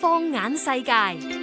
放眼世界。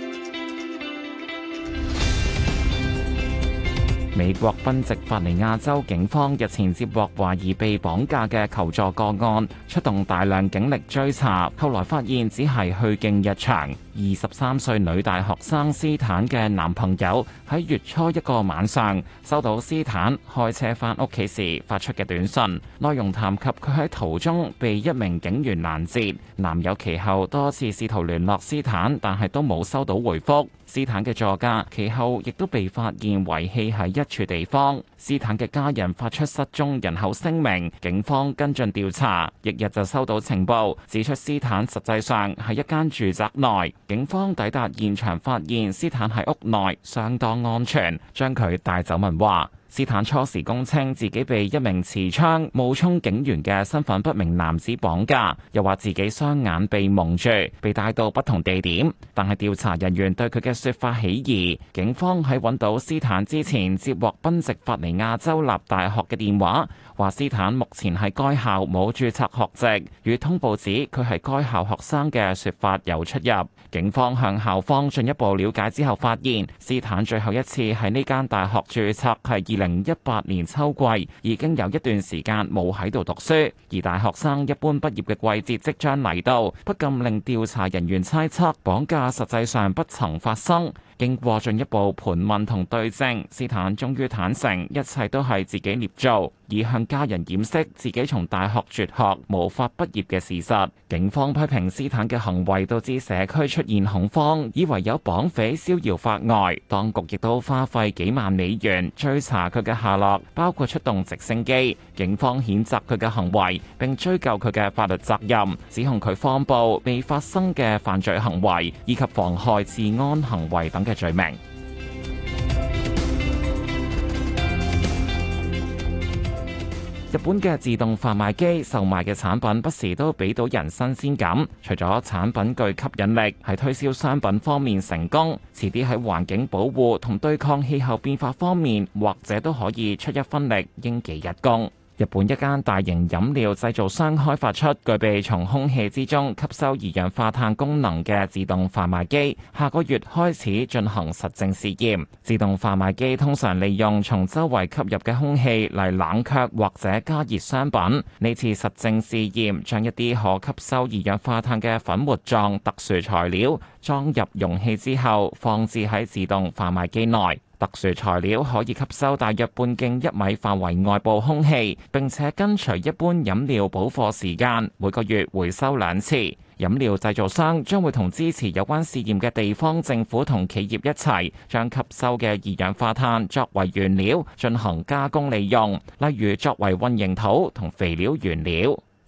美國賓夕法尼亞州警方日前接獲懷疑被綁架嘅求助個案，出動大量警力追查，後來發現只係虛驚一場。二十三歲女大學生斯坦嘅男朋友喺月初一個晚上收到斯坦開車翻屋企時發出嘅短信，內容談及佢喺途中被一名警員攔截。男友其後多次試圖聯絡斯坦，但係都冇收到回覆。斯坦嘅座駕其後亦都被發現遺棄喺一。處地方，斯坦嘅家人發出失蹤人口聲明，警方跟進調查，翌日就收到情報，指出斯坦實際上喺一間住宅內。警方抵達現場，發現斯坦喺屋內相當安全，將佢帶走問話。斯坦初時供稱自己被一名持槍冒充警員嘅身份不明男子綁架，又話自己雙眼被蒙住，被帶到不同地點。但係調查人員對佢嘅說法起疑。警方喺揾到斯坦之前接獲賓夕法尼亞州立大學嘅電話，話斯坦目前喺該校冇注冊學籍，與通報指佢係該校學生嘅說法有出入。警方向校方進一步了解之後發現，斯坦最後一次喺呢間大學注冊係二零一八年秋季，已經有一段時間冇喺度讀書，而大學生一般畢業嘅季節即將嚟到，不禁令調查人員猜測綁架實際上不曾發生。經過進一步盤問同對證，斯坦終於坦承一切都係自己捏造。以向家人掩飾自己從大學輟學無法畢業嘅事實，警方批評斯坦嘅行為導致社區出現恐慌，以為有綁匪逍遙法外。當局亦都花費幾萬美元追查佢嘅下落，包括出動直升機，警方譴責佢嘅行為，並追究佢嘅法律責任，指控佢謊報未發生嘅犯罪行為，以及妨害治安行為等嘅罪名。日本嘅自動販賣機售賣嘅產品不時都俾到人新鮮感，除咗產品具吸引力，喺推銷商品方面成功，遲啲喺環境保護同對抗氣候變化方面，或者都可以出一分力，應幾日供？日本一家大型飲料製造商開發出具備從空氣之中吸收二氧化碳功能嘅自動販賣機，下個月開始進行實證試驗。自動販賣機通常利用從周圍吸入嘅空氣嚟冷卻或者加熱商品。呢次實證試驗將一啲可吸收二氧化碳嘅粉末狀特殊材料裝入容器之後，放置喺自動販賣機內。特殊材料可以吸收大約半徑一米範圍外部空氣，並且跟隨一般飲料補貨時間，每個月回收兩次。飲料製造商將會同支持有關試驗嘅地方政府同企業一齊將吸收嘅二氧化碳作為原料進行加工利用，例如作為混凝土同肥料原料。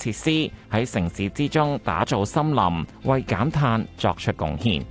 設施，喺城市之中打造森林，為減碳作出貢獻。